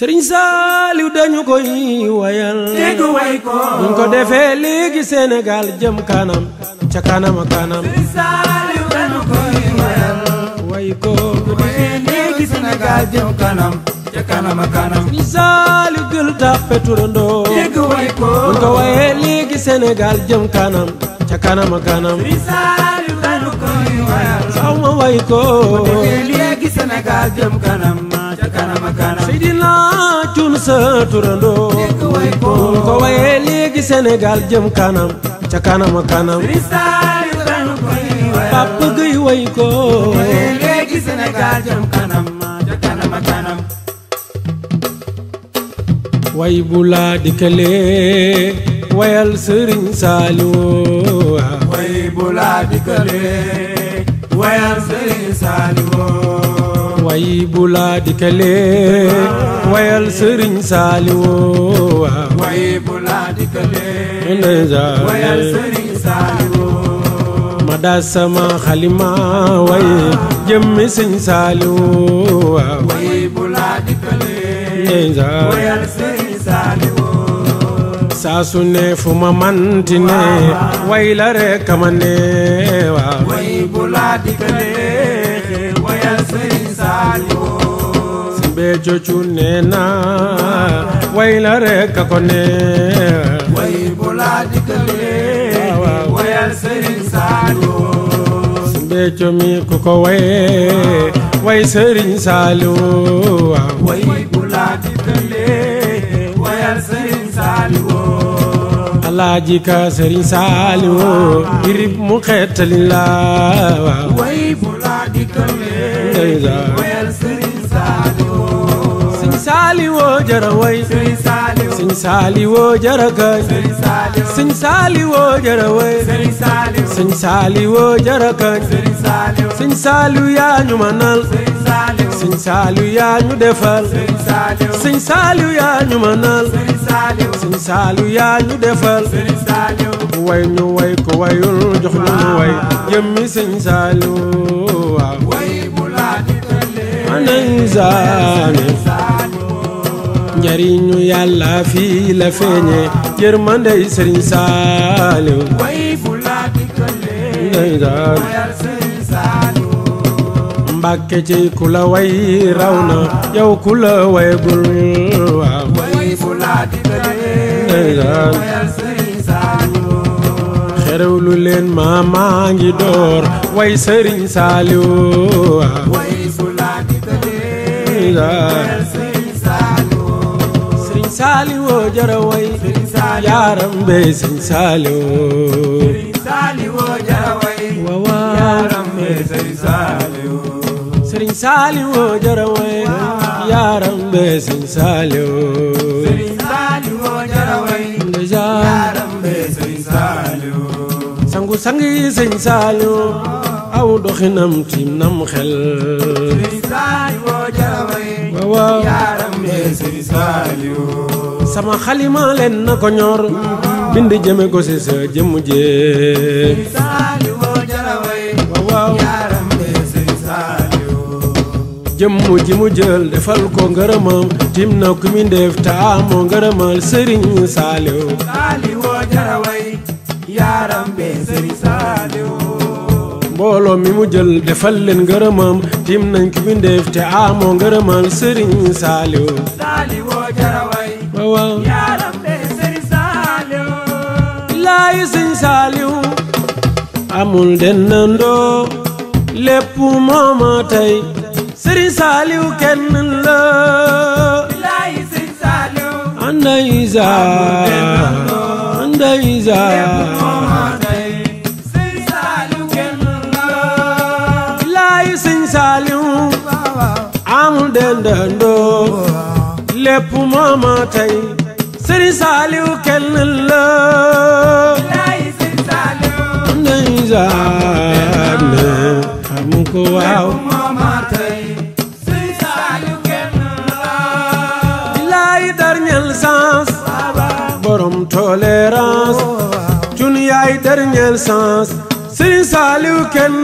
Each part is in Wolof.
sëriñ saaliw dañu koy wayal dégg way ko buñ ko defee léegi Sénégal jëm kanam ca kanam a kanam sëriñ saaliw gël tàppe turandoo dégg way ko buñ ko léegi Sénégal jëm kanam ca kanam a kanam saw ma way ko bu léegi Sénégal jëm kanam ca kanam a kanam sa turandoo buñ ko wayee léegi Sénégal jëm kanam ca kanam a kanam Papa Gueye way ko léegi Sénégal jëm kanam ca kanam a kanam way bu laa wayal Sëriñ Saliou way yi bu laa sëriñ Saaliwoo waaye bu ma daas xalima waaye jëmmi sëñ Saaliwoo waaye bu ne fu ma manti ne way la rek ma ne waaw cocu neena way la rek a ko neex way bu la dikkalee wayal sëriñ Saalu Mbecco mi ku ko way way sëriñ Saalu way bu la dikkalee wayal sëriñ Saalu alaaji ka sëriñ Saalu irib mu way bu la dikkalee Saliwo jara way Serigne Saliwo Serigne Saliwo jara gaay Serigne Saliwo jara way Serigne Saliwo Serigne Saliwo jara gaay Serigne Saliwo yaa ñu manal Serigne Saliwo yaa ñu defal Serigne Saliwo yaa ñu manal Serigne Saliwo yaa ñu defal way ñu way ko wayul jox ñu ñu way jëmmi Serigne Saliwo way bu la di tale njariñu yàlla fii la feeñe yërmandey sëriñ saaliw way fu laa dikkalee mbàkke ci ku la way raw na yow ku la way gul waaw way fu laa dikkalee xerew lu leen maa maa ngi door way sëriñ saaliw waaw way fu laa dikkalee Saaliwoo jaraway. jaraway. waawaaw yaaram mbey Serigne Saaliwoo. jaraway. waawaaw yaaram mbey Serigne Saaliwoo. jaraway. yaaram mbey Serigne Saaliwoo. sangu sang yi tiim nam xel. sama xalima leen na ko ñor bind jëme ko si sa jëmm ji mu jël defal ko ngërëmam tim na ku mi ndeef taamoo ngërëmal sëriñ saaliw mbooloo mi mu jël defal leen ngërëmam tim nañ ku mi ndeef te amoo ngërëmal sëriñ saaliw Saaliw yaarambe Sëriñ Saaliw laayi Sëriñ Saaliw amul dennandoo lépp mooma tey Sëriñ Saaliw kenn laayi Sëriñ Saaliw amul dennandoo lépp mooma tey borom tolérance cun yaay dernier sens Serigne Saliou kenn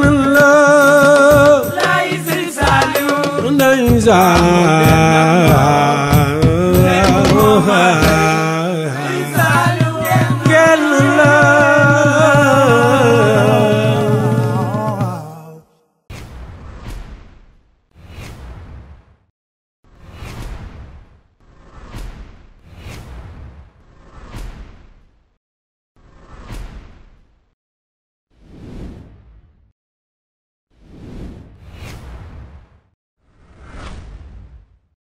la